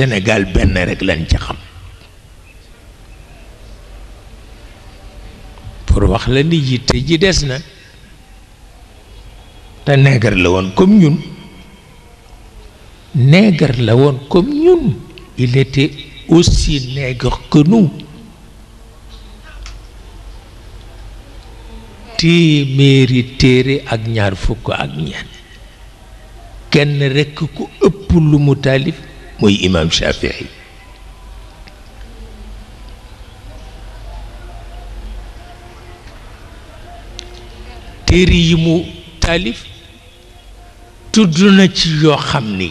Sénégal benn rek lañ ci pour wax la ni yitte ji des na te neegar la woon comme ñun neegar la woon comme ñun il était aussi nègre que nous téere ak ñaar fukk ak ñeent kenn rekk ku ëpp lu mu taalif muy imaam Shafii téere yi mu taalif tudd na ci yoo xam ni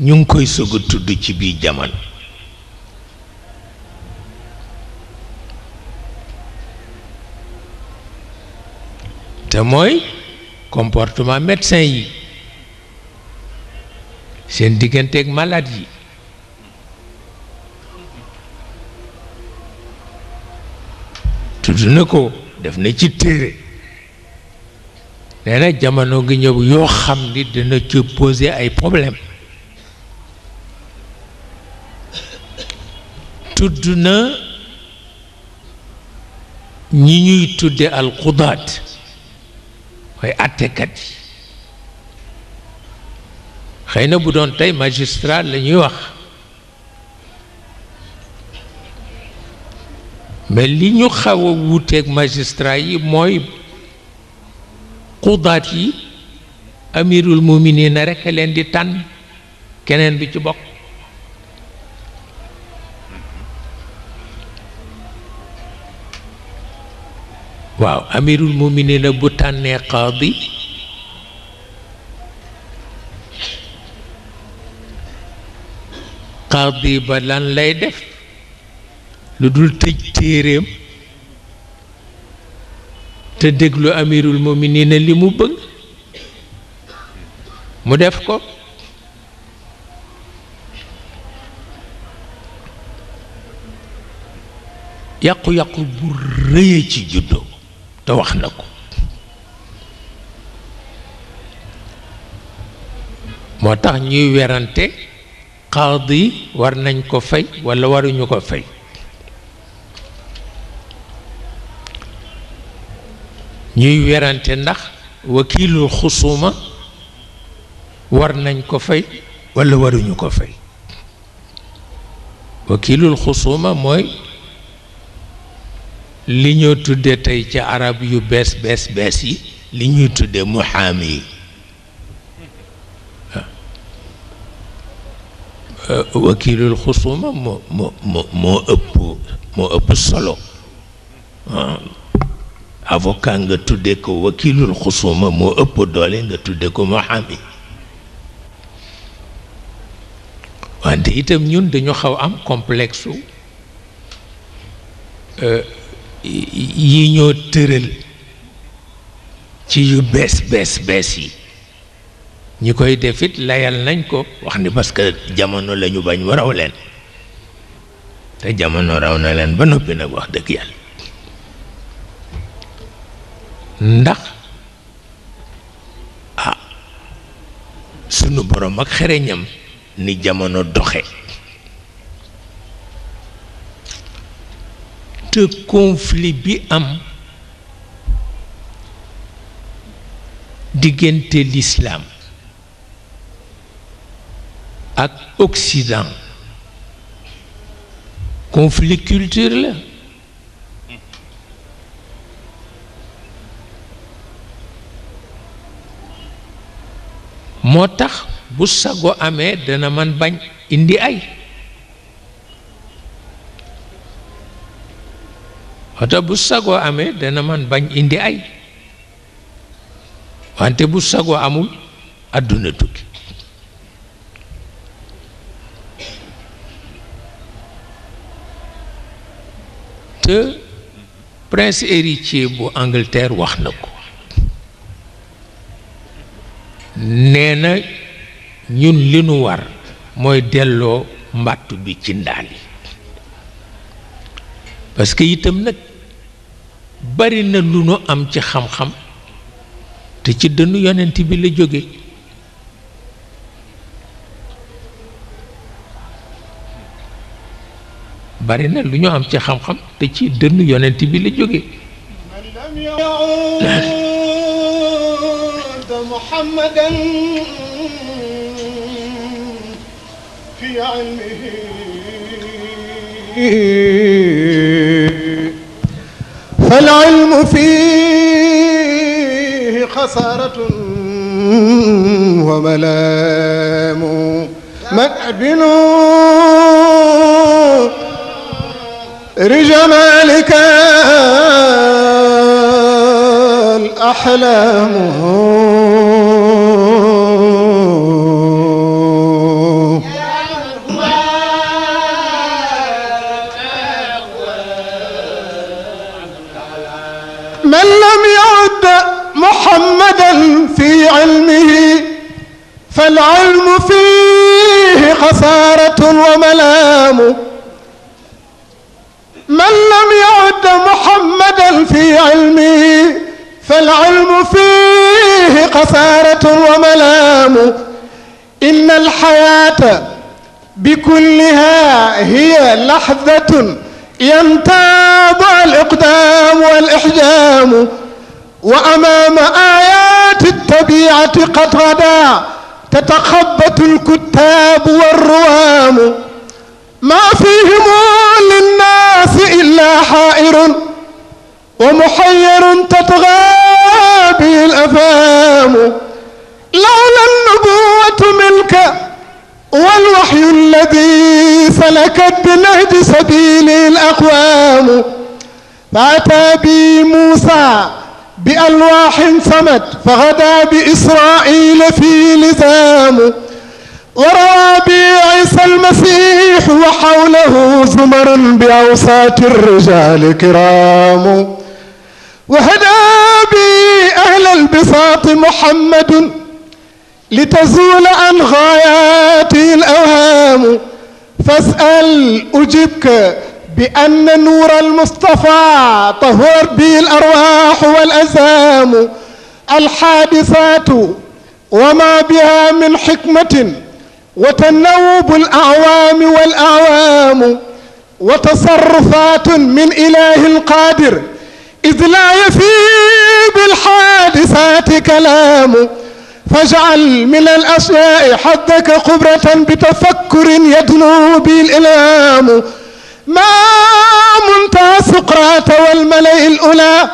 ñu ngi koy sog a tudd ci biir jamono te mooy comportement médecin yi seen digganteeg malade yi tudd na ko def na ci téré nee na jamono gi ñëw yo xam ni dina ci poser ay problème tudd na ñi ñuy tudde alqudaat mooy attekat yi xëy na bu doon tey magistrat la ñuy wax mais li ñu xaw a wuuteeg magistrat yi mooy xudaat yi amirul muminina rek a leen di tànn keneen bi ci bokk waaw amirul muminina bu tànnee qaadi xaadi ba lan lay def lu dul tëj téeréem te déglu amirul muminina li mu bëgg mu def ko yàqu-yàqu bu rëyee ci juddoo te wax na ko moo tax ñuy werante qaadi war nañ ko fay walla waruñu ko fay ñuy werante ndax wakiilul xusuma war nañ ko fay walla waruñu ko fay wakiilul xusuma mooy li ñoo tudde tey ci arab yu bees bees bees yi li ñuy tudde muhaami yi Euh, wakilul xusuma moo moo moo ëpp moo ëpp solo ah. avocat nga tudde ko wakilul xusuma moo ëpp doole nga tudde ko mahami wante itam ñun dañu xaw am complexe euh, yi ñoo tëral ci yu bees bees bees yi ñi koy defit layal nañ ko wax ni parce que jamono lañu ñu bañ mu raw leen te jamono raw na leen ba noppi nag wax dëgg yàlla ndax a ah, sunu borom ak xereñam ni jamono doxe te conflit bi am diggante lislaam ak Occident conflit culturel. la Boussago Amé, Denaman sago dana man bañ indi ay Ata tax Amé, man bañ indi ay wante amul te prince héritier bu Angleterre wax na ko nee na ñun li nu war mooy delloo mbàttu bi ci ndaal yi parce que itam nag bari na lu nu am ci xam-xam te ci dënnu yonent bi la jóge bari na lu ñu am ci xam-xam te ci dënn yonenti bi la jóge محمدا في علمه فالعلم فيه خسارة وملام مأبن لجمالك الأحلام من لم يعد محمدا في علمه فالعلم فيه خسارة وملام أبدا في علمي فالعلم فيه قسارة وملام إن الحياة بكلها هي لحظة ينتاب الإقدام والإحجام وأمام آيات الطبيعة قد غدا تتخبط الكتاب والروام ما فيهم للناس إلا حائر ومحير تطغى به الأفهام لولا النبوة ملك والوحي الذي سلكت بنهج سبيل الأقوام فأتى بي موسى بألواح صمت فغدا بإسرائيل في لزام وروى عيسى المسيح وحوله زمر بأوساط الرجال كرام وهدى بي أهل البساط محمد لتزول عن غاياته الأوهام فاسأل أجبك بأن نور المصطفى طهور به الأرواح والأزام الحادثات وما بها من حكمة وتنوب الأعوام والأعوام وتصرفات من إله القادر إذ لا يفي بالحادثات كلام فاجعل من الأشياء حدك قبرة بتفكر يدنو بي الإلام ما منت سقراط والملئ الأولى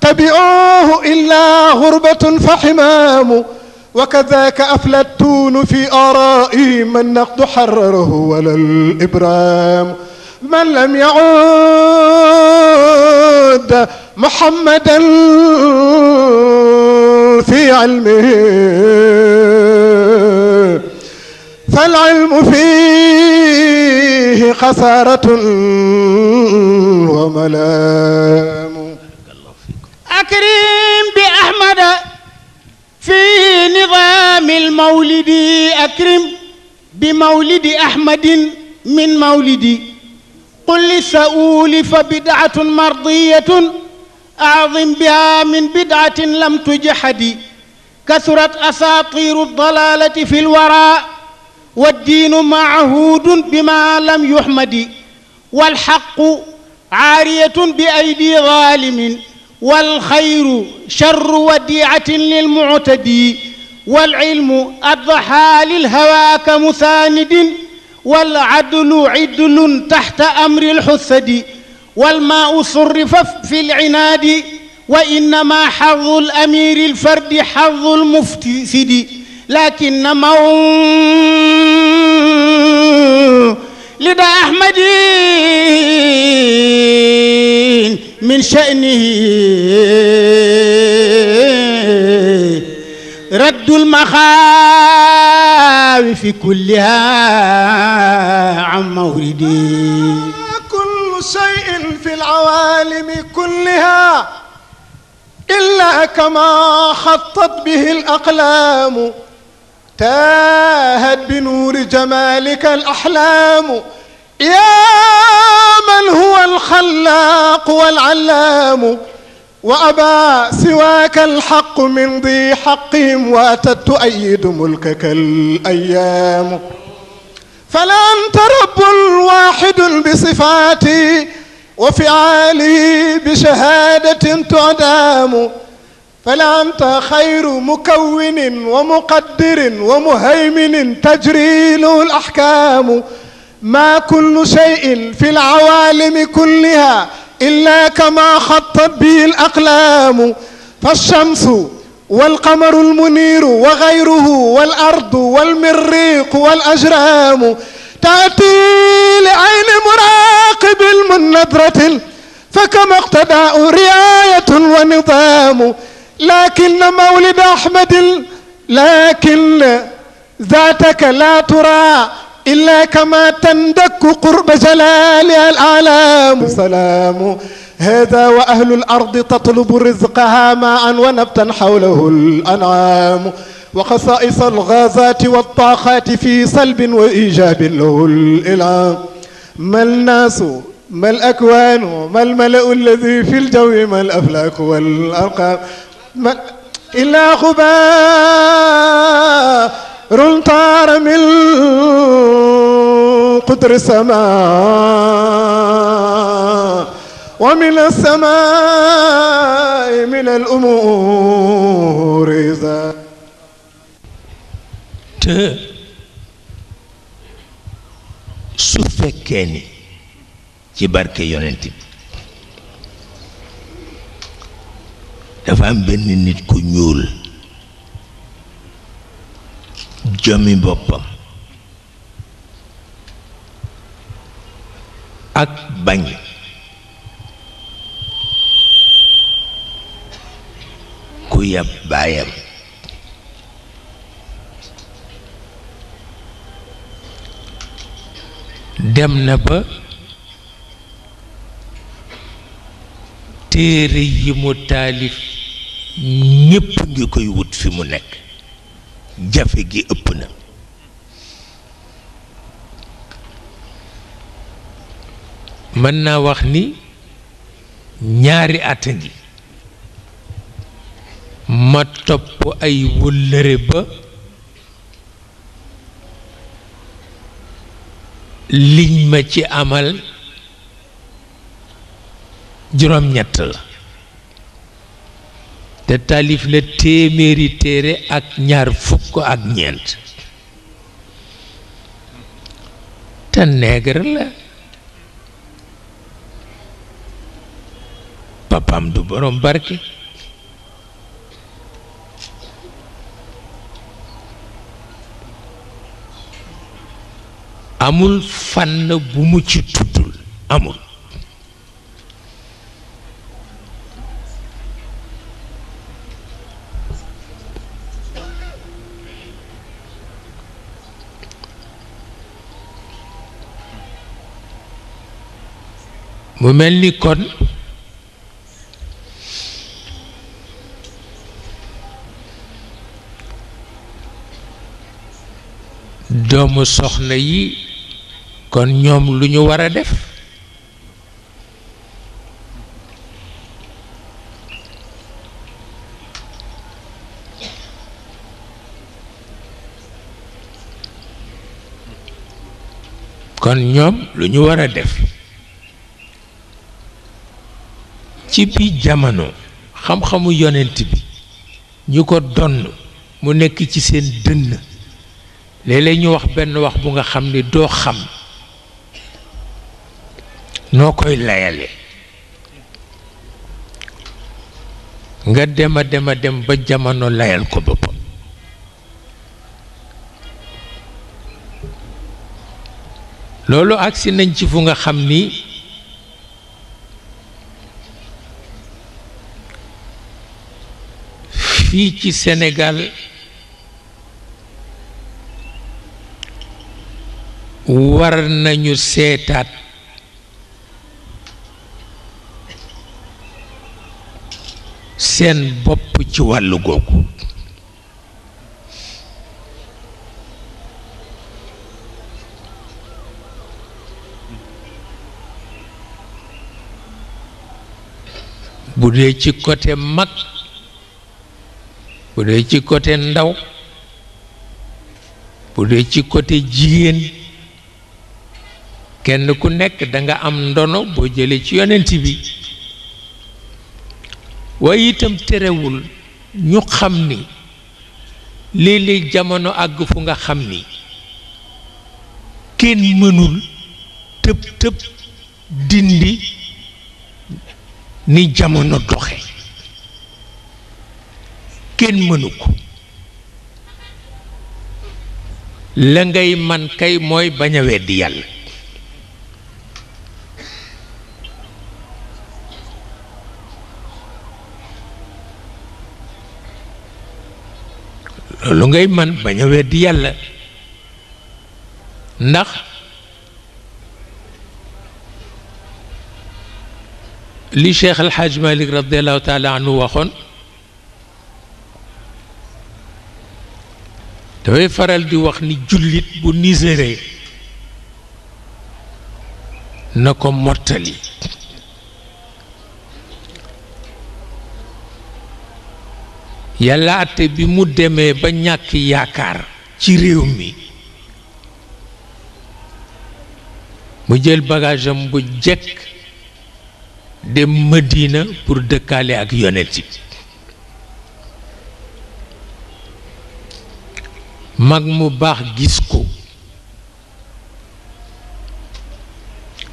تبعوه إلا غربة فحمام وكذاك أفلتون في آرائي من نقد حرره ولا الإبرام من لم يعد محمدا في علمه فالعلم فيه خسارة وملام أكرم بأحمد في نظام المولد أكرم بمولد أحمد من مولدي قل لسؤول فبدعة مرضية أعظم بها من بدعة لم تجحد كثرت أساطير الضلالة في الوراء والدين معهود بما لم يحمد والحق عارية بأيدي ظالم والخير شر وديعة للمعتدي والعلم الضحى للهوى كمساند والعدل عدل تحت أمر الحسد والماء صرف في العناد وإنما حظ الأمير الفرد حظ المفسد لكن مو لدى أحمد من شأنه رد المخاوف كلها عن موردي كل شيء في العوالم كلها إلا كما خطت به الأقلام تاهت بنور جمالك الأحلام يا من هو الخلاق والعلام وأبى سواك الحق من ذي حقهم وأتت تؤيد ملكك الأيام فلا أنت رب واحد بصفاتي وفعالي بشهادة تعدام فلا أنت خير مكون ومقدر ومهيمن تجري له الأحكام ما كل شيء في العوالم كلها إلا كما خطت به الأقلام فالشمس والقمر المنير وغيره والأرض والمريق والأجرام تأتي لعين مراقب من نظرة فكما اقتداء رعاية ونظام لكن مولد أحمد لكن ذاتك لا ترى إلا كما تندك قرب جلالها الأعلام سلام هذا وأهل الأرض تطلب رزقها ماء ونبتا حوله الأنعام وخصائص الغازات والطاقات في صلب وإيجاب له الإلام ما الناس ما الأكوان ما الملأ الذي في الجو ما الأفلاك والأرقام ما إلا غبار رون من قدر سما ومن السماء من الأمور إذا سفكني كبارك يونتي دفعن بني نيت كنيول jomi boppam ak bañ ku yab baayam dem na ba téere yi mu taalif ñépp ngi koy wut fi mu nekk jafe gi ëpp na mën naa wax ni ñaari at ma topp ay wëllëre ba liñ ma ci amal juróom-ñett la te taalif la téeméeri téere ak ñaar fukk ak ñeent te nègre la papam du borom barke amul fànn bu mu ci tuddul amul mu mel ni kon doomu soxna yi kon ñoom lu ñu war a def kon ñoom lu ñu war a def ci bi jamono xam-xamu yonent bi ñu ko donn mu nekk ci seen dënn léeg ñu wax benn wax bu nga xam ni doo xam noo koy layale nga dem a dem a dem ba jamono layal ko boppam loolu agsi nañ ci fu nga xam ni fii ci Sénégal war nañu seetaat seen bopp ci wàllu googu bu dee ci côté mag bu dee ci côté ndaw bu dee ci côté jigéen kenn ku nekk danga am ndono boo jëlee ci yonent bi waaye itam terewul ñu xam ni léeg-léeg jamono àgg fu nga xam ni kenn mënul tëb tëb dindi ni jamono doxe kenn mënu ko la ngay man kay mooy bañ a weddi yàlla loolu ngay man bañ a weddi yàlla ndax li cheikh alxaaj malik radiallahu taala anhu waxoon dafay faral di wax ni jullit bu niséree na ko mottali yàlla àtte bi mu demee ba ñàkk yaakaar ci réew mi mu jël bagage bu jekk dem Madina pour dëkkaale ak yonent yi mag mu baax gis ko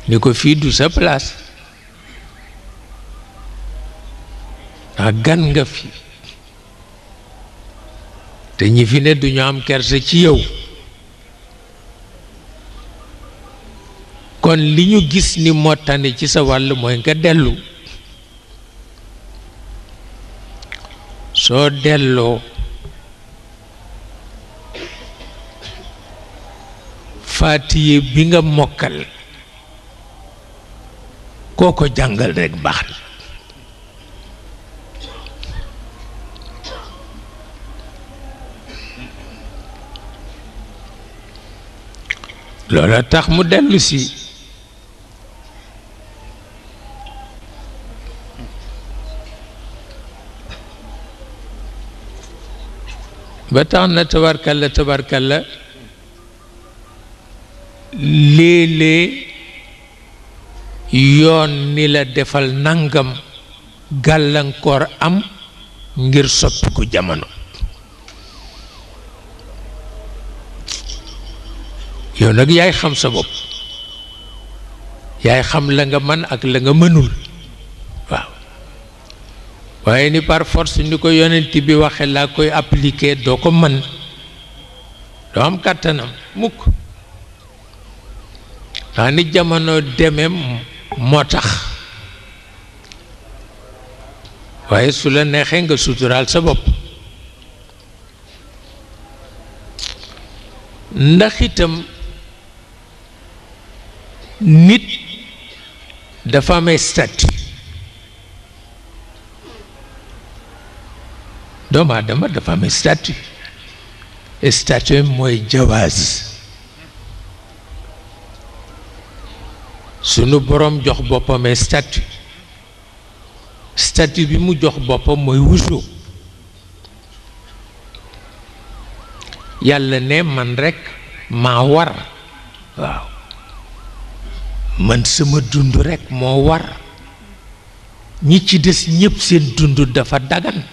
ni ko fii du sa place ndax gan nga fi te ñi fi ne duñu am kersa ci yow kon li ñu gis ni mottani ci sa wàll mooy nga dellu soo delloo faatiye bi nga mokkal koo ko jàngal rekk baax na loola tax mu dellusi ba tax na tabarkalla tabarkalla léeg-léeg yoon ni la defal nangam gàllankoor am ngir ko jamono yow nag yaay xam sa bopp yaay xam la nga man ak la nga mënul waaw waaye ni par force ko yonent bi waxe laa koy appliquer doo ko mën doo am kàttanam mukk ndax ni jamono demee moo tax waaye su la neexee nga suturaal sa bopp ndax itam nit dafa amee statut doomu aadama dafa amee statut statut mooy jawaaz sunu boroom jox boppam ay statut bi mu jox boppam mooy wusu yàlla ne man rekk maa war waaw man sama dund rekk moo war ñi ci des ñépp seen dund dafa dagan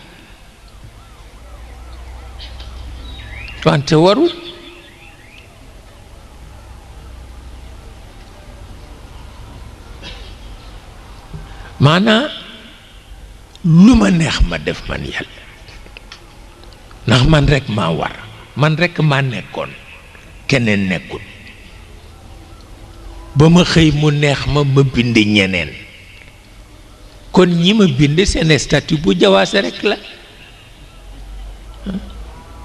wante warul maanaa lu ma neex ma def man yàlla ndax man rekk maa war man rekk maa nekkoon keneen nekkul ba ma xëy mu neex ma ma bind ñeneen kon ñi ma bind seen statut bu jawaase rekk la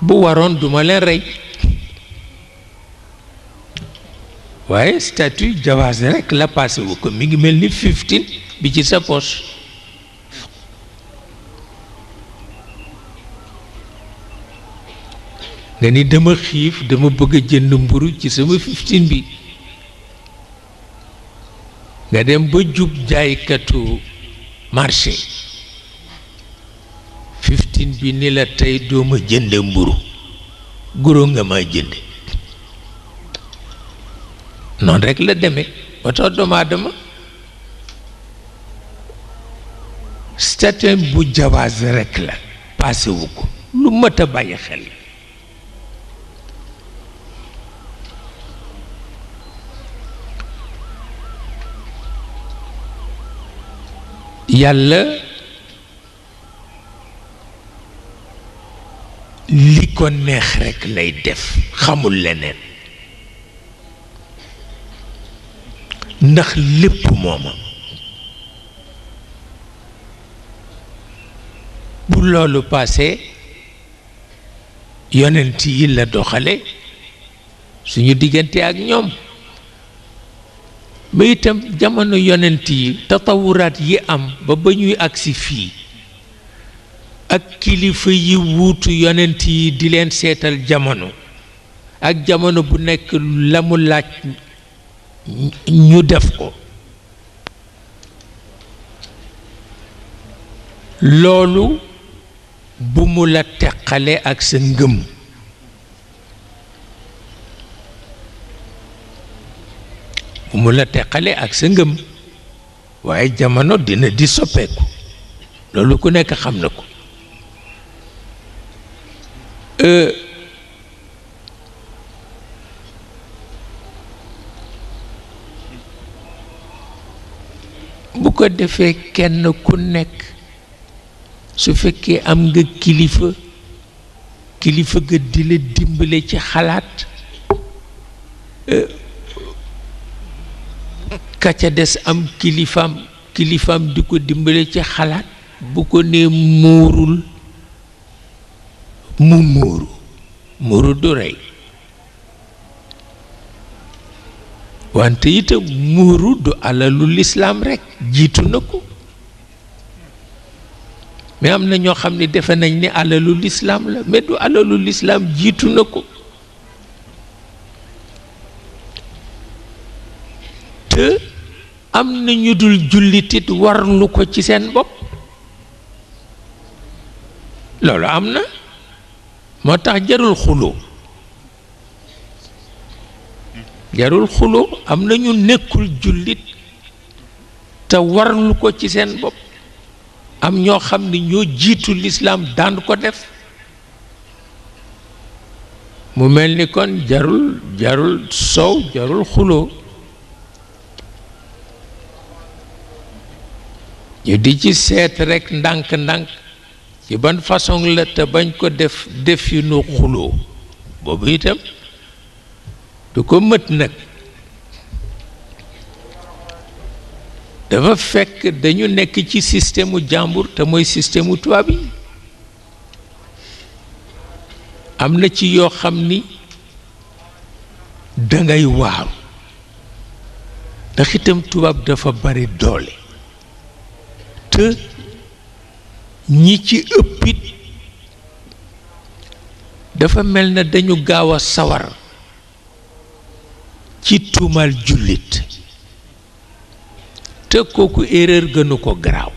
bu waroon duma leen rey waaye statut jawaase rekk la passé wu ko mi ngi mel ni 15 bi ci sa poche nga ni dama xiif dama bëgg a jënd mburu ci sama fiftin bi nga dem ba jub jaaykatu marché fiftin bi ni la tey dooma jënd mburu guro nga ma jënd noonu rekk la demee ba tax statin bu jawaaz rekk la paasewu ko lu mët a bàyyi xel yàlla li ko neex rekk lay def xamul leneen ndax lépp moomam bu loolu paasee yonent yi la doxale suñu diggante ak ñoom ba itam jamono yonent yi tatawuraat yi am ba ba ñuy agsi fii ak kilifa yi wuutu yonent yi di leen seetal jamono ak jamono bu nekk la mu laaj ñu def ko loolu bu mu la teqale ak sa ngëm bu mu la teqale ak sa ngëm waaye jamono dina di soppeeku loolu ku nekk xam na ko euh, bu ko defee kenn ku nekk su fekkee am nga kilifa kilifa ga di la dimbale ci xalaat euh, ka ca des am kilifaam kilifaam di ko dimbale ci xalaat bu ko nee muurul mu muuru muuru du rey wante itam muuru du alalu lislaam rekk jiitu na ko mais am na ñoo xam ne defe nañ ni alalu lislaam la mais du alalu lislaam jiitu na ko te am na ñu dul jullitit warlu ko ci seen bopp loolu am na moo tax jarul xuloo jarul xuloo am na ñu nekkul jullit te warlu ko ci seen bopp am ñoo xam ni ñoo jiitu lislaam daan ko def mu mel ni kon jarul jarul soow jarul xuloo ñu di ci seet rekk ndànk-ndànk ci ban façon la te bañ ko def def yu nu xuloo boobu itam du ko mët nag dafa fekk dañu nekk ci système u jàmbur te mooy système tubaab yi am na ci yoo xam ni dangay waaru ndax tubaab dafa bari doole te ñi ci ëppit dafa mel na dañu gaaw a sawar ci tuumaal jullit te kooku erreur gënu ko garaaw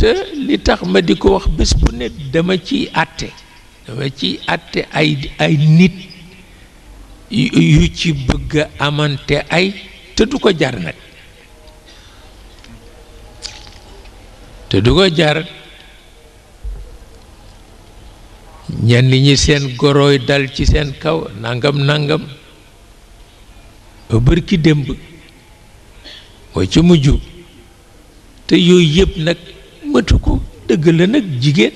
te li tax ma di ko wax bés bu nekk dama ciy àtte dama ciy àtte ay ay nit yu ci bëgg amante ay te du ko jar nag te du ko jar ñenn ñi seen goroy dal ci seen kaw nangam nangam bërki démb mooy ci mujj te yooyu yëpp nag matu ko dëgg la nag jigéen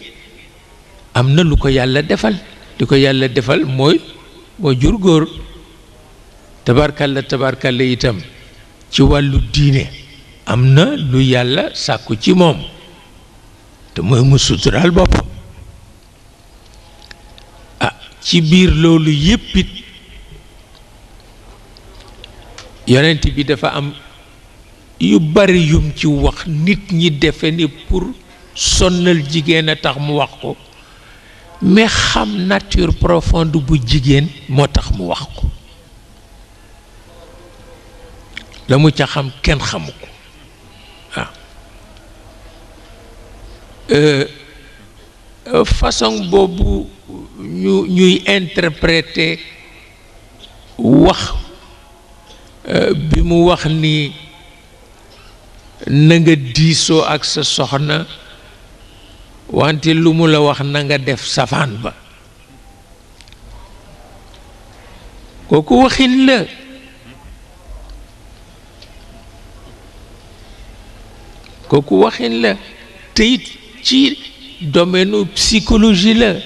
am na lu ko yàlla defal di ko yàlla defal mooy mooy jur góor tabarkalla tabarkalla itam ci wàllu diine am na lu yàlla sàkku ci moom te mooy mu suturaal boppam ah ci biir loolu yëpp yonent bi dafa am yu bari yum ci wax nit ñi defe ni pour sonnal jigéen a tax mu wax ko mais xam nature profonde bu jigéen moo tax mu wax ko la mu ca xam kenn xamu ko waaw euh, euh, façon boobu ñu ñuy interpréter wax bi mu wax ni na nga diisoo ak sa soxna wante lu mu la wax nanga def safaan ba kooku waxin la kooku waxin la te ci domaine psychologie la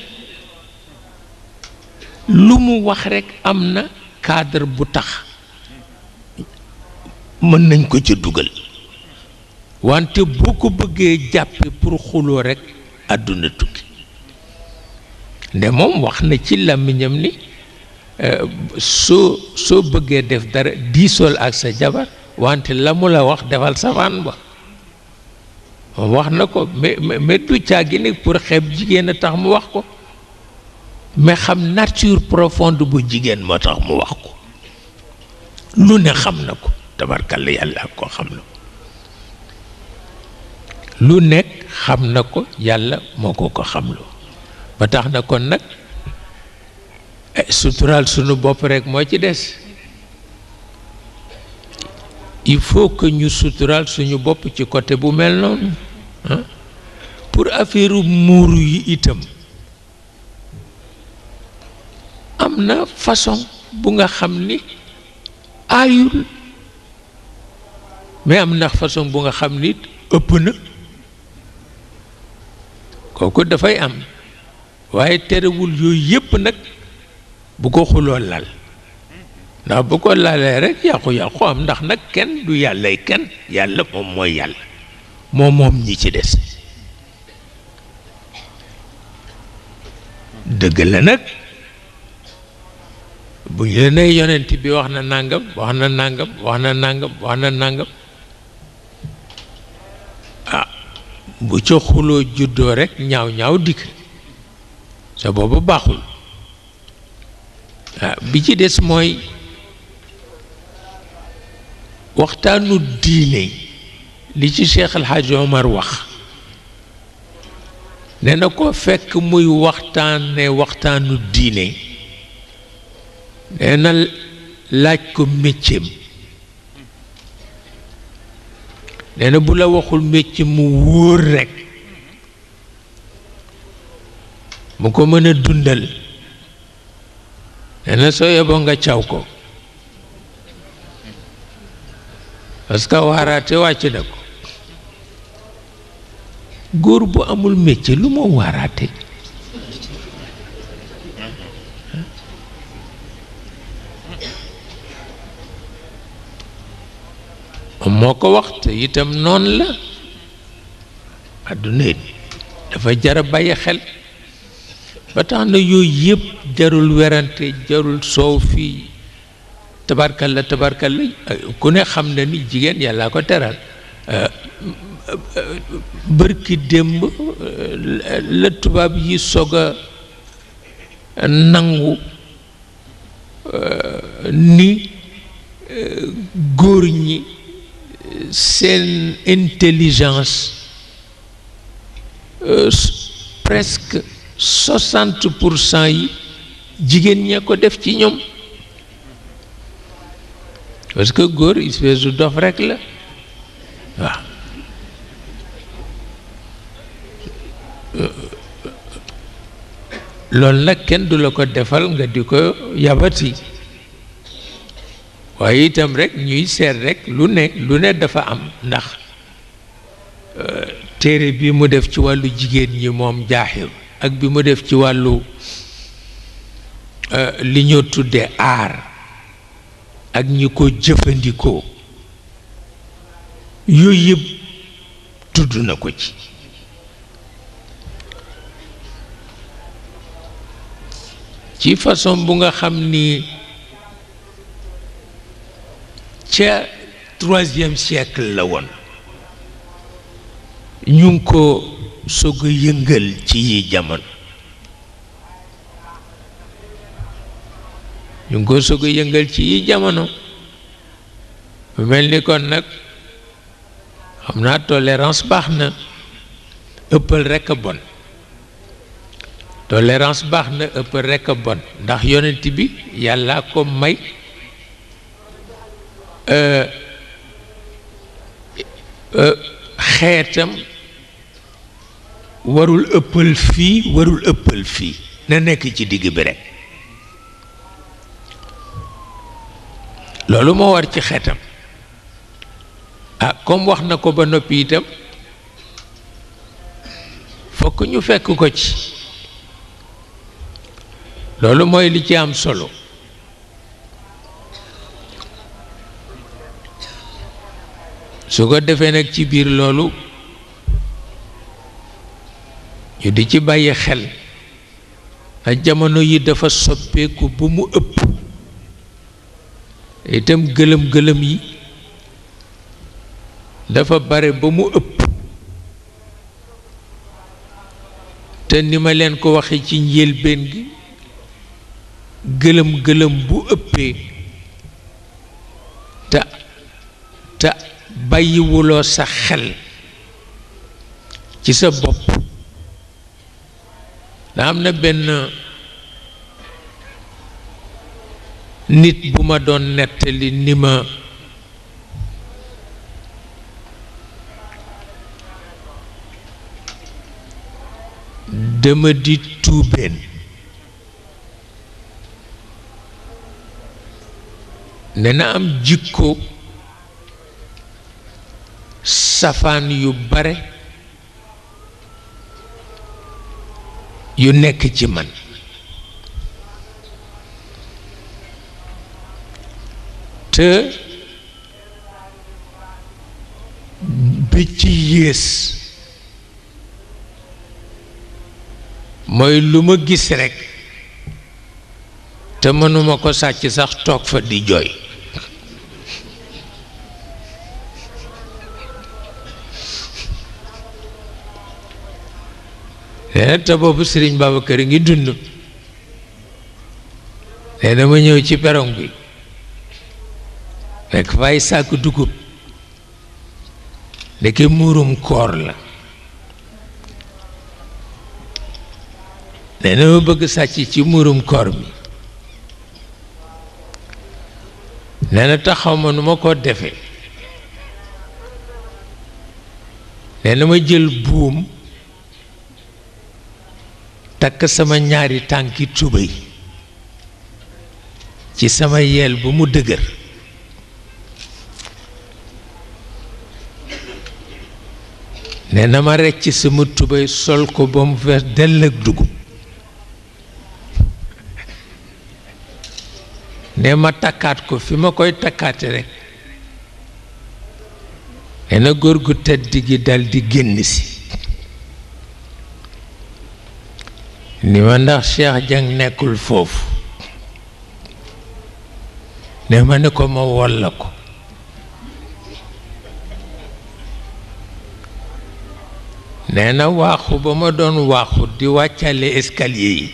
lu mu wax rekk am na cadre bu tax mën nañ ko ca dugal wante boo ko bëggee jàppe pour xuloo rekk àdduna tukki nde moom wax na ci làmmiñam ni euh, soo soo bëggee def dara diisool ak sa jabar wante la mu la wax defal safaan ba moom wax na ko mais mais du caagi ni pour xeeb jigéen a tax mu wax ko mais xam nature profonde bu jigéen moo tax mu wax ko lu ne xam na ko tabarkalla yàlla koo xam na lu nekk xam na ko yàlla moo ko ko xamloo ba tax na kon nag eh, suturaal sunu bopp rek moo ci des il faut que ñu suturaal suñu bopp ci côté bu mel noonu pour affaire muuru yi itam am na façon bu nga xam ni aayul mais am ndax façon bu nga xam ni ëpp na kooku dafay am waaye terewul yooyu yépp nag bu ko xuloo lal ndax bu ko lalee rek yàqu-yàqu am ndax nag kenn du yàllay kenn yàlla moom mooy yàlla moom moom ñi ci des dëgg la nag bu ñu la nee yonent bi wax na nàngam wax na nàngam wax na nàngam wax na nàngam bu ca xuloo juddoo rekk ñaaw ñaaw dikk sa boobu baaxul waaw ah, bi ci des mooy waxtaanu diine li ci Cheikh El Omar wax nee na ko fekk muy waxtaane waxtaanu diine nee na laaj ko mécceem nee bu la waxul mécc mu wóor rekk mu ko mën a dundal nee soo yeboo nga caw ko parce que waaraate wàcc na ko góor bu amul mécc lu moo waaraate moo ko wax te itam noonu la àdduna it dafa jara bàyyi xel ba tax na yooyu yëpp jarul werante jarul soow fii tabarkal la tabarkal la ku ne xam na ni jigéen yàllaa ko teral bërki démb la tubaab yi sog a nangu ni góor ñi c'est une intelligence euh, presque 60% y jigen ñe qui def ci ñom parce que gore il fait je dof rek la wa lool nak kenn du la ko defal nga diko yabati waaye itam rekk ñuy seet rekk lu ne lu ne dafa am ndax euh, téere bi mu def ci wàllu jigéen ñi moom jaaxir ak bi mu def ci wàllu euh, li ñoo tudde aar ak ñi ko jëfandikoo yu yëpp tudd na ko ci ci façon bu nga xam ni ca troisième siècle la woon ñu ngi ko soog a yëngal ci yi jamono ñu ko soog yëngal ci jamono bu mel ni kon nag xam naa tolérance baax na ëppal rekk a bon tolérance baax na ëppal rekk a bon ndax yonent bi yàllaa ko may xeetam warul ëppal fii warul ëppal fii na nekk ci digg bi rekk loolu moo war ci xeetam ah comme wax na ko ba noppi itam fokk ñu fekk ko ci loolu mooy li ci am solo su ko defee nag ci biir loolu ñu di ci bàyyi xel na jamono yi dafa soppeeku bu mu ëpp itam gëlëm-gëlëm yi dafa bare ba mu ëpp te ni ma leen ko waxe ci njëlbeen gi gëlëm-gëlëm bu ëppee te bàyyiwuloo sa xel ci sa bopp da am na benn nit bu ma doon nettali ni ma dama di tuubeen ne na am jikko safaan yu bare yu nekk ci man te bi ci yées mooy lu ma gis rekk te mënuma ko sàcc sax toog fa di jooy nee eh, te boobu Sëriñ a ngi dund nee ma ñëw ci perong bi fekk fay sàkk dugub ndeke muurum koor la nee na ma bëgg sàcc ci muurum koor mi nee na taxaw ma nu ma ko defee nee na ma jël buum takk sama ñaari tànki tubéy ci sama yeel bu mu dëgër nee na ma rekk ci sama tubéy sol ko ba mu fees dell ak dugub ne ma takkaat ko fi ma koy takkaate rekk nee na góor gu tedd gi dal di génn si ni ma ndax Cheikh Dieng nekkul foofu ne ma ne ko ma wolla ko nee na waaxu ba ma doon waxu di wàccale escalier yi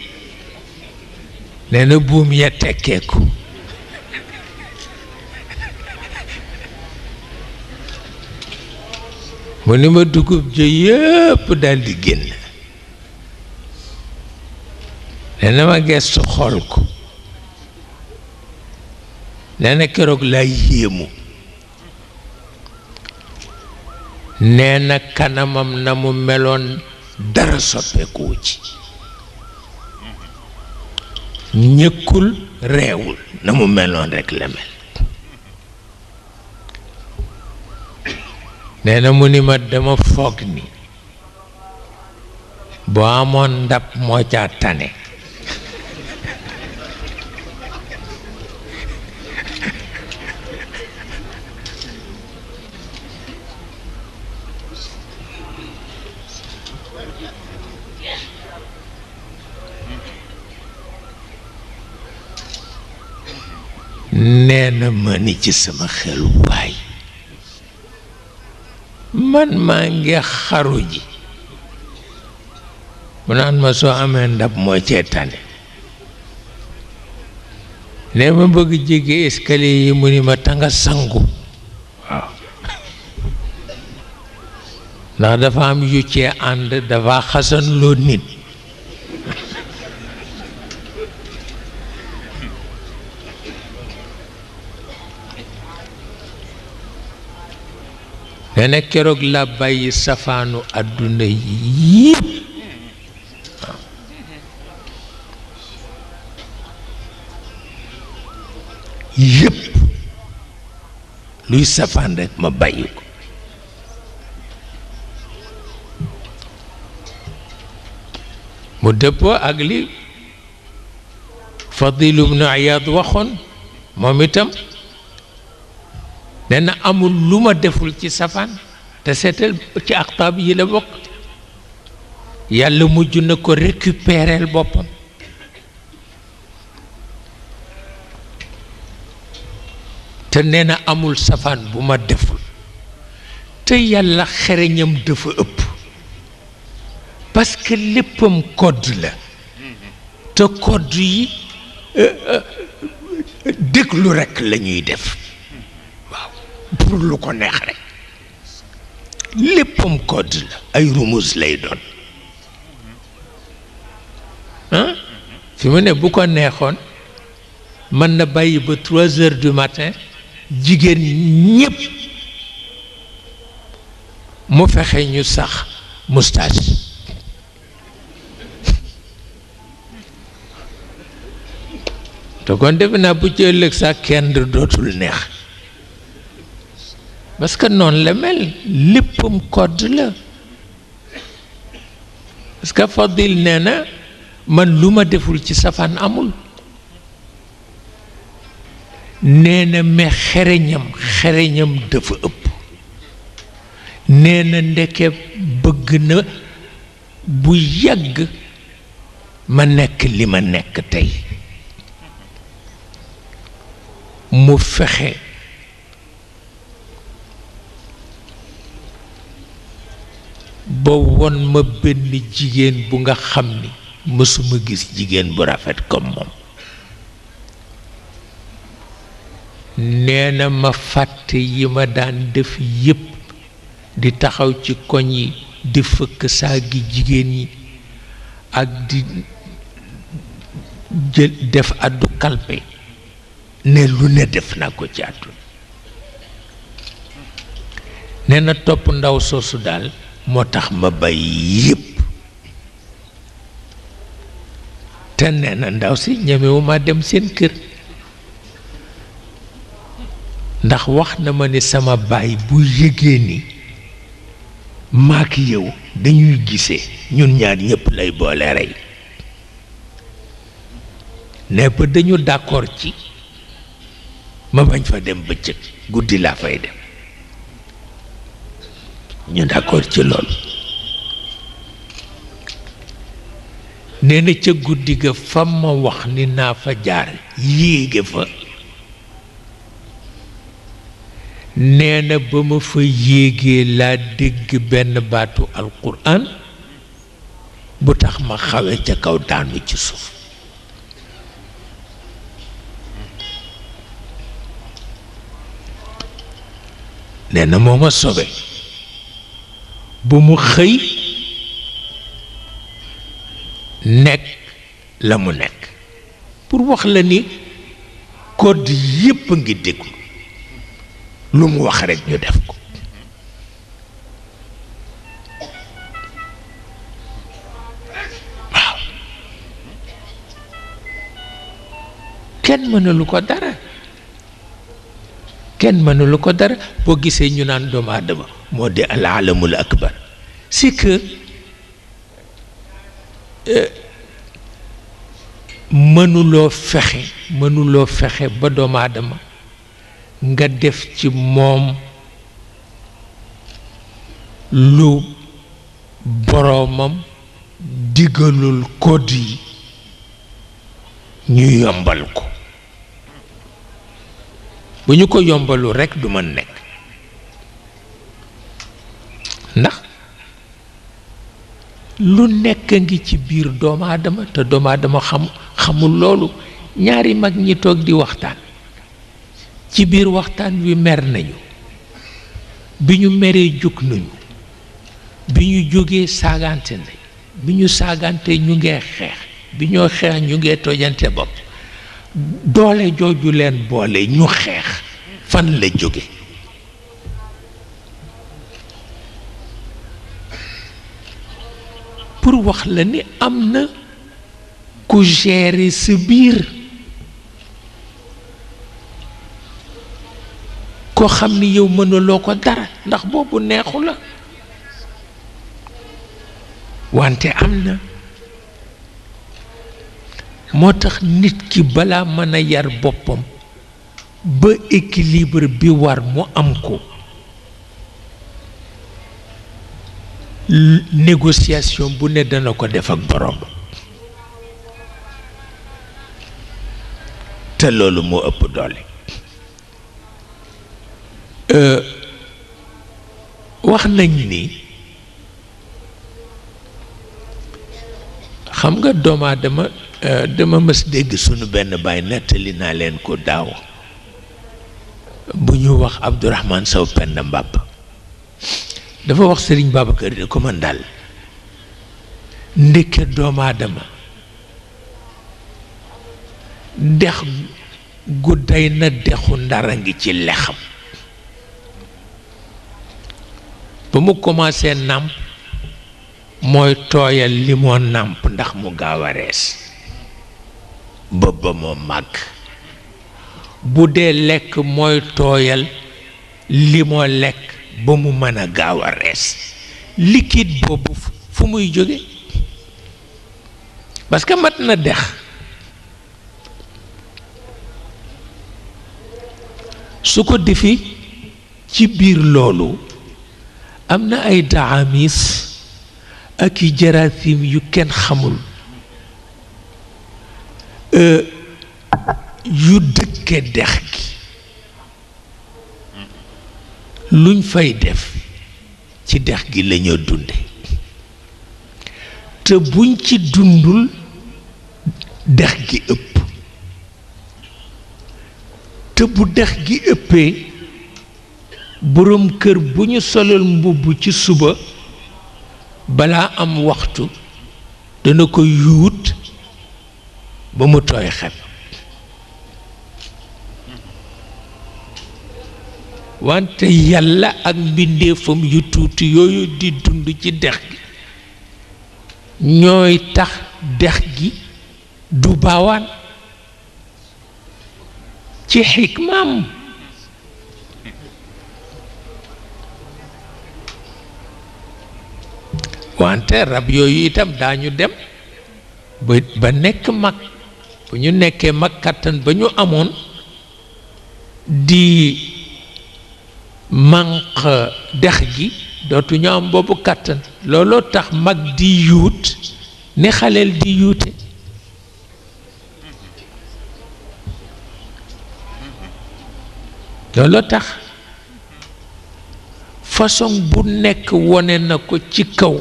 nee na buum ya tekkeeku mu ni ma dugub ji yëpp daal génn nee na ma gestu xool ko nee na keroog laa yéemu nee na kanamam na mu meloon dara soppeekuwu ci ñëkkul reewul na mu meloon rekk la mel nee na mu ni ma dama foog ni boo amoon ndab moo caa tane na ma ni ci sama xelu baay man maa ngi xaru ji mu naan ma soo amee ndab moo cee tane ne ma bëgg jéggi escalier yi mu ni ma tanga ndax dafa am yu cee ànd dafa xasan loo nit ne keroog la bàyyi safaanu àdduna yépp yépp luy safaan rekk ma bàyyi ko mu dëppoo ak li Fadil ibnu Ayaad waxoon moom itam nee na amul lu ma deful ci safaan te seetal ci aqtaab yi la bokk yàlla mujj na ko récupérer boppam te nee na amul safaan bu ma deful te yàlla xereñam dafa ëpp parce que léppam kodd la te code yi euh, euh, déglu rekk lañuy def Le vous ko pommes rek code hein? ne bu ko na trois heures du matin nous ñep mu ñu sax moustache to kon bu ci sax kenn dootul parce que non la mel léppam code la parce que Fadil nee man luma ma deful ci safan amul nee me mais xereñam xereñam dafa ëpp nee ndeke bëgg na bu yàgg ma nek li ma nekk tey mu fexe ba won ma benn jigéen bu nga xam ni mësuma gis jigéen bu rafet comme moom nee na ma fàtte yi ma daan def yépp di taxaw ci koñ yi di fëkk saagi jigéen yi ak di jël def addu kalpe ne lu ne def naa ko ci àdduna nee na topp ndaw soosu daal moo tax ma bàyyi yëpp te nee na ndaw si ñemewu ma dem seen kër ndax wax na ma ni sama baay bu yëgee ni maak yow dañuy gise ñun ñaar ñëpp lay boole rey ne ba dañu d'accord ci ma bañ fa dem bëccëg guddi laa fay dem ñu d'accord ci loolu nee na ca guddi ga fa ma wax ni naa fa jaar yéege fa nee na ba ma fa yéegee laa dégg benn baatu alquran bu tax ma xawe ca kaw daanu ci suuf nee na moo ma sobe bu mu xëy nekk la mu nekk pour wax la ni code yépp ngi déglu lu mu wax rekk ñu def ko waaw kenn mënalu ko dara kenn mënulu ko dara boo gisee ñu naan doomu aadama moo di al alamul akbar c'est euh, mënuloo fexe mënuloo fexe ba doomu aadama nga def ci moom lu boroomam digalul kodd yi ñu yombal ko bu ñu ko yombalul rekk du mën nekk ndax lu nekk ngi ci biir doomu te doomu xam xamul loolu ñaari mag ñi toog di waxtaan ci biir waxtaan wi mer nañu bi ñu meree jóg nañu bi ñu jógee saagante nañ bi ñu saagante ñu ngee xeex bi ñoo xeex ñu ngee tojante bopp doole jooju leen boole ñu xeex fan la jóge pour wax la ni am na ku géré sa biir ko xam ni yow mënuloo ko dara ndax boobu neexu la wante am na moo tax nit ki balaa mën a yar boppam ba équilibre bi war mu am ko négociation bu ne dana ko def ak borom te loolu moo ëpp doole euh, wax nañ nii xam nga doomu aadama Euh, dama mës dégg sunu benn baay nettali naa leen ko daaw bu ñu wax Abdourahmane Sow Penda Mbàpp dafa wax Sëriñ Babacar ne ko man daal ndeke doomu aadama dex gudday na dexu ndara ngi ci lexam ba mu commencé nàmp mooy tooyal li moo nàmp ndax mu gaaw a rees ba ba ma màgg bu dee lekk mooy tooyal li moo lekk ba mu mën a gaaw a rees liquide boobu fu muy jóge parce que mat na dex su ko defi ci biir loolu am na ay daamis ak i jaraasim yu kenn xamul Euh, yu dëkke dex gi luñ fay def ci dex gi lañoo dunde te buñ ci dundul dex gi ëpp te bu dex gi ëppee boroom kër bu ñu solal mbubb ci suba balaa am waxtu dana ko yuut ba mu tooy xel wante yàlla ak mbindeefam yu tuuti yooyu di dund ci dex gi ñooy tax dex gi du baawaan ci xikmaam wante rab yooyu itam daañu dem ba ba nekk mag bu ñu nekkee mag kàttan ba ñu amoon di mànq dex gi dootu ñu am boobu kàttan looloo tax mag di yuut ni xaleel di yuute looloo tax façon bu nekk wone na ko ci kaw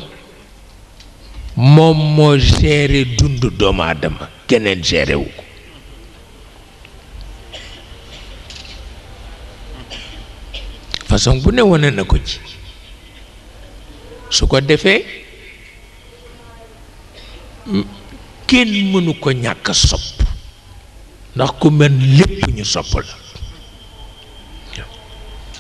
moom moo géré dund doomu aadama keneen géré ko façon bu ne wane na ko ci su ko defee kenn mënu ko ñàkk a sopp ndax ku mel lépp ñu sopp la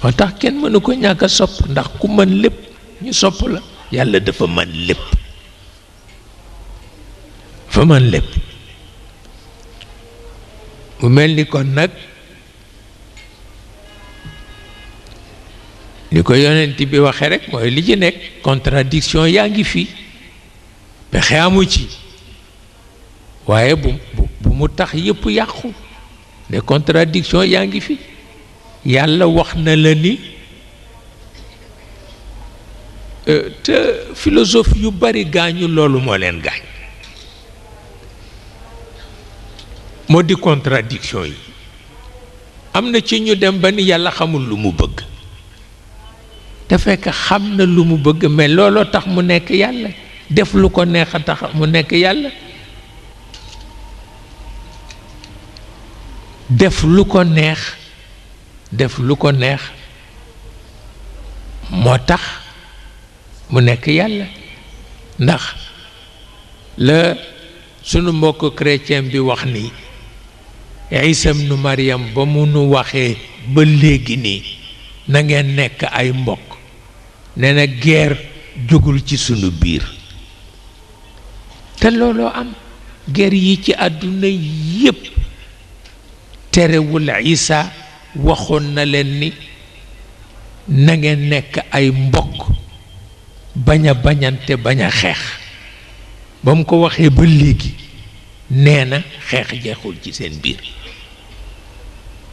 moo tax kenn mënu ko ñàkk a sopp ndax ku mën lépp ñu sopp la yàlla dafa mën lépp fa man lépp mu mel ni kon nag ni ko yonent bi waxe rek mooy li ci nekk contradiction yaa ngi fi pexe amu ci waaye bu bu mu tax yépp yàqu ne contradiction yaa ngi fi yàlla wax na la ni euh, te philosophe yu bari gaañu loolu moo leen gaañ moo di contradiction yi am na ci ñu dem ba ni yàlla xamul lu mu bëgg te fekk xam na lu mu bëgg mais looloo tax mu nekk yàlla def lu ko neex a tax mu nekk yàlla def lu ko neex def lu ko neex moo tax mu nekk yàlla ndax la sunu mbokk chrétien bi wax ni isa bnu mariam ba mu nu waxee ba léegi nii na ngeen nekk ay mbokk nee na guerre jógul ci sunu biir te looloo am guerre yi ci àdduna yépp terewul isa waxoon na leen ni na ngeen nekk ay mbokk bañ a bañante bañ a xeex ba mu ko waxee ba léegi nee na xeex jeexul ci seen biir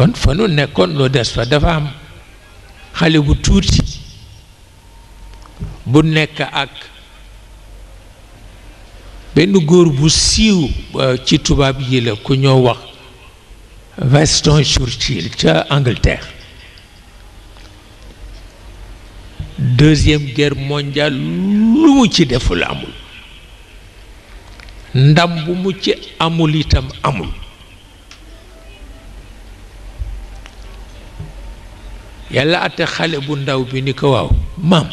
kon fa nu nekkoon lu des fa dafa am xale bu tuuti bu nekk ak benn góor bu siiw euh, ci tubaab yi la ku ñoo wax Winston Churchill ca Angleterre deuxième guerre mondiale lu mu ci deful amul ndam bu mu ci amul itam amul yàlla àtte xale bu ndaw bi ni ko waaw maam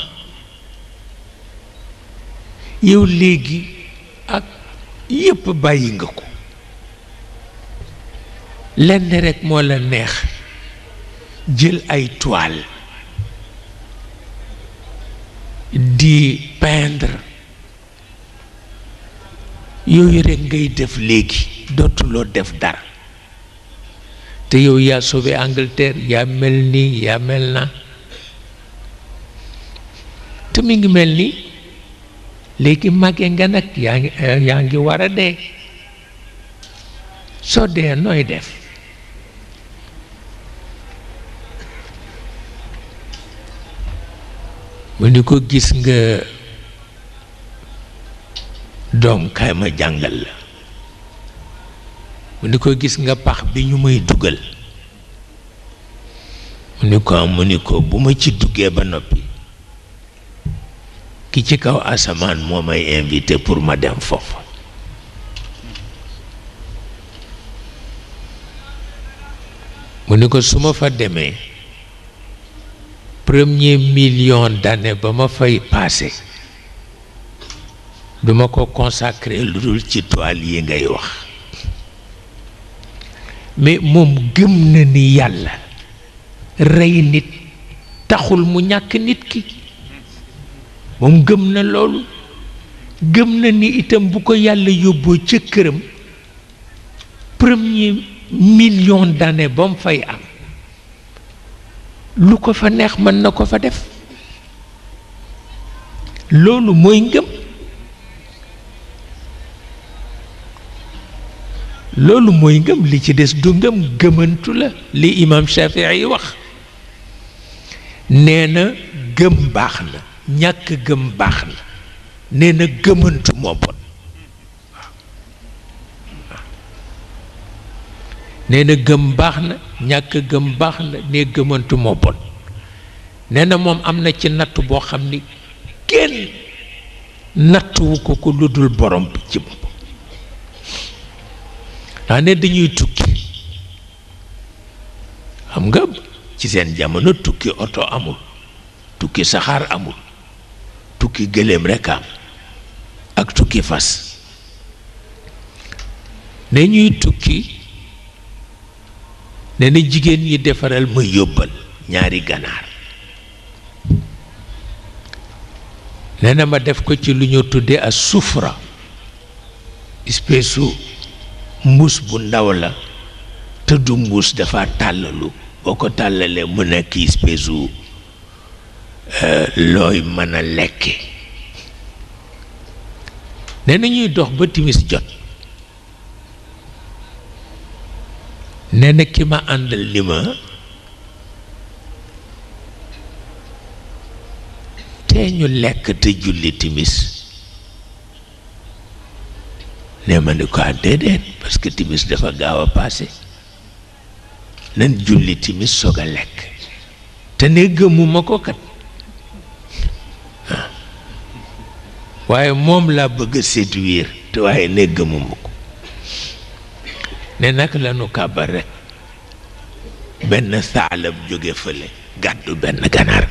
yow léegi ak yépp bàyyi nga ko lenn rekk moo la neex jël ay toile di peindre yooyu rekk ngay def léegi dootuloo def dara te yow yaa sauvé Angleterre yaa mel nii yaa mel naa te mi ngi mel nii léegi màggee nga nag yaa ngi yaa ngi war a dee soo dee nooy def mu ni ko gis nga doom kaay ma jàngal la mu ko gis nga pax bi ñu may dugal mu ko mu ko bu ma ci duggé ba nopi ki ci kaw asaman moo may invité pour ma dem foofu mu ko fa démé premier million d'années ba ma fay passé duma ko consacrer lul ci toile yi ngay wax mais moom gëm na ni yàlla rey nit taxul mu ñàkk nit ki moom gëm na loolu gëm na ni itam bu ko yàlla yóbboo ca këram premier million d'années ba mu fay am lu ko fa neex mën na ko fa def loolu mooy ngëm loolu mooy ngëm li ci des du ngëm gëmantu la li imam Shafii yi wax nee na gëm baax na ñàkk gëm baax na nee na moo bon nee na gëm baax na ñàkk gëm na nee gëmantu moo bon na moom am na ci natt boo xam ni kenn nattuwu ko ko lu dul borom bi ci bopp ndax ne dañuy tukki xam nga ci seen jamono tukki oto amul tukki saxaar amul tukki gëléem rekk am ak tukki fas ne ñuy tukki ne na jigéen ñi defaral ma yóbbal ñaari ganaar nee na ma def ko ci lu ñu tuddee ak sufra espèce mbuus bu ndaw la te du mbuus dafa tàllalu boo ko tàllalee mën a kiis pesu euh, looy mën a lekke nee ñuy dox ba timis jot nee na ki ma àndal ni ma tee ñu lekk te julli timis ne ma ni ko ah déedéet parce que timis dafa gaaw a paase nan julli timis soog a lekk te ne gëmuma ko kat ah. waaye moom laa bëgg a séduire te waaye ne gëmuma ko ne nag lanu kàbbar rek benn saalab jóge fële gàddu benn ganaar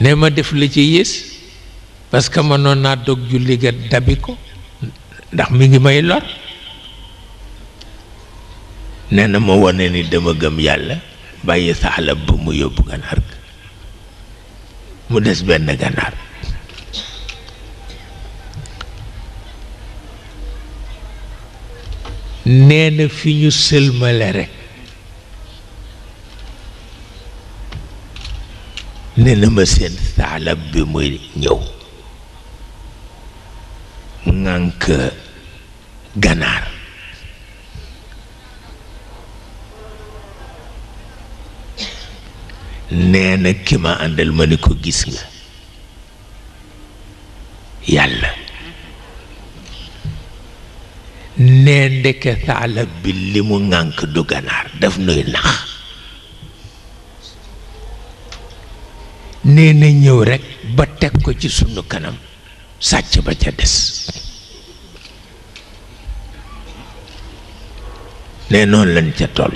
ne ma def la ci yées parce que mënoon naa dog julli ga dabi ko ndax mi ngi may lor nee na ma wane ni dama gëm yàlla bàyyi saxlab ba mu yóbbu ganaar ga mu des benn ganaar nee na fi ñu sëlmale rekk nee na ma seen saalab bi muy ñëw ŋànk ganaar nee na ki ma àndal ma ni ko gis nga yàlla nee ndeke saalab bi li mu ŋànk du ganaar daf nuy nax nee na ñëw rekk ba teg ko ci sunu kanam sàcc ba ca des nee noonu lañ ca tool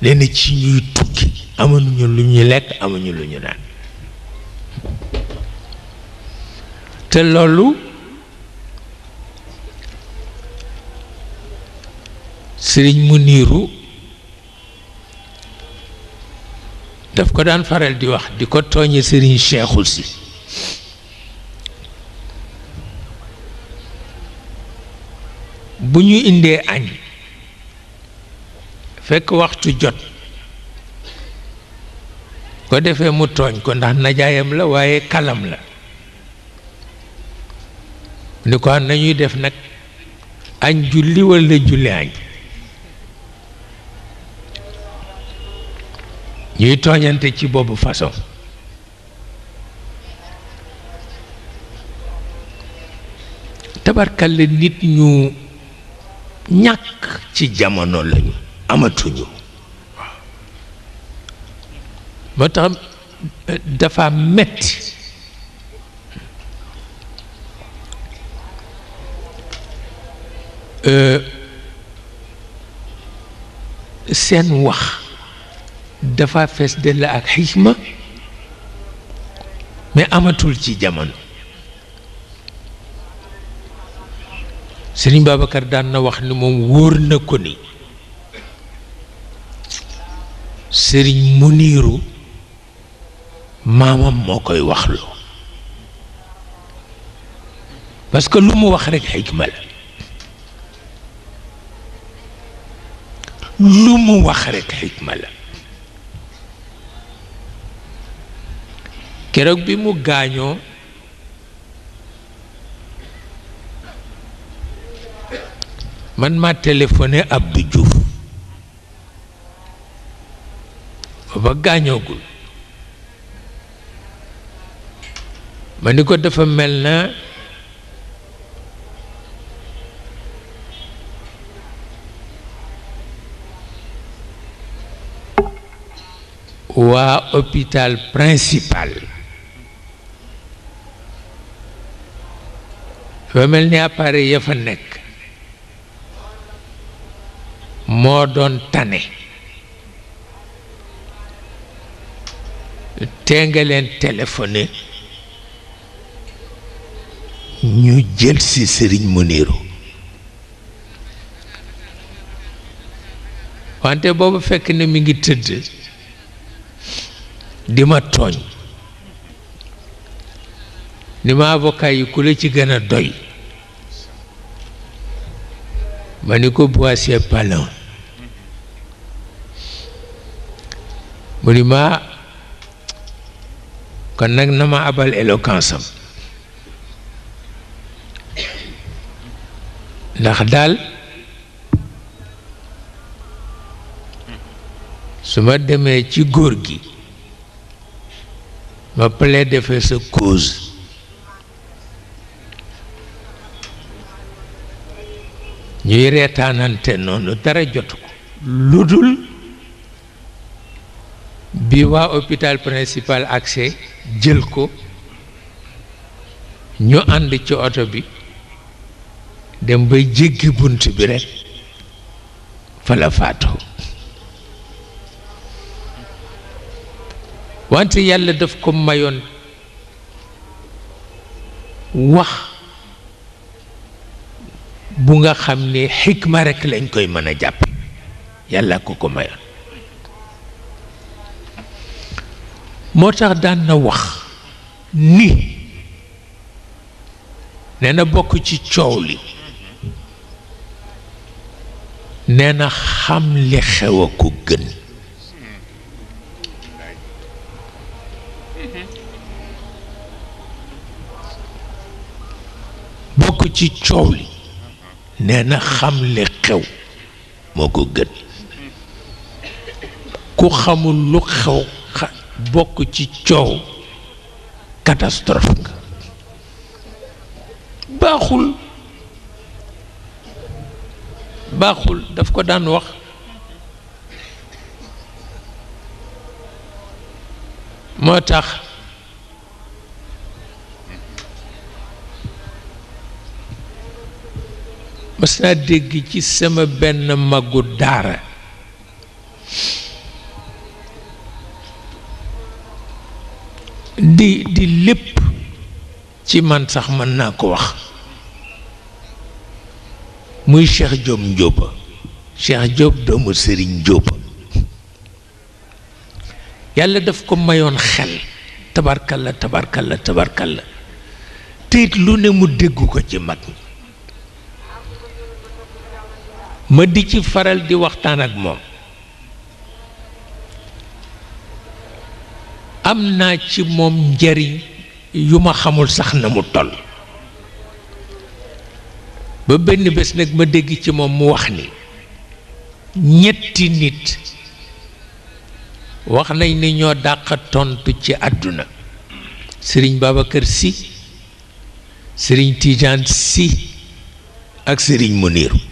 nee na ci ñuy tukki amuñu lu ñuy lekk amuñu lu ñu naan te loolu sëriñ mu niiru daf ko daan faral di wax di ko tooñe sëriñ Seexu Si bu ñu indee añ fekk waxtu jot ko defee mu tooñ ko ndax najaayam la waaye kalam la ni ko nañuy def nag añ julli walla julli añ ñuy tooñante ci boobu façon tabarkalla nit ñu ñàkk ci jamono lañu amatuñu waaw moo tax euh, dafa metti euh, seen wax dafa fess del ak xikma mais amatul ci jamono serigne babakar dan na wax ni mom wóor na ko ni serigne muniru mamam mokoy koy waxloo parce que lu mu wax rek hikma la lu mu wax rek hikma la keroog bi mu gaañoo man ma téléphoné Abdou Diouf ba gaañoogul ma ni ko dafa mel na waa hôpital principal dafa mel ni appareil ya fa nekk moo doon tane tee nga leen téléphoné ñu jël si sëriñ Muniru wante boobu fekk na mi ngi tëdd di ma tooñ ni ma avocat yi ku la ci gën doy ma ni ko Boissier kon na abal éloquence am ndax daal su ma ci cause ñuy reetaanante noonu dara jot ko lu dul bi waa hôpital principal accès jël ko ñu ànd ci oto bi dem ba jéggi bunt bi rekk fa la faatoo wante yàlla daf ko mayoon wax bu nga xam ne xikma rekk lañ koy mën a jàpp yàlla ko ko mayoon moo tax daan na wax ni nee na bokk ci coow li nee na xam li xew a ko gën bokk ci coow li nee na xew moo ko gën ku xamul lu xew bokk ci coow catastrophe baaxul baaxul daf ko daan wax moo tax mas naa dégg ci sama benn magu daara di di lépp ci man sax mën naa ko wax muy Cheikh Diop Diop Cheikh Diop doomu Serigne Diop yàlla daf ko mayoon xel tabarkalla tabarkalla tabarkalla te it lu ne mu dégg ko ci mag ñi ma di ci faral di waxtaan ak moom am naa ci moom njariñ yu ma xamul sax na mu toll ba benn bés nag ma dégg ci moom mu wax ni ñetti nit wax nañ ni ñoo dàq tontu ci àdduna sëriñ Babacar Sy sëriñ Tidiane si ak sëriñ mu Muniru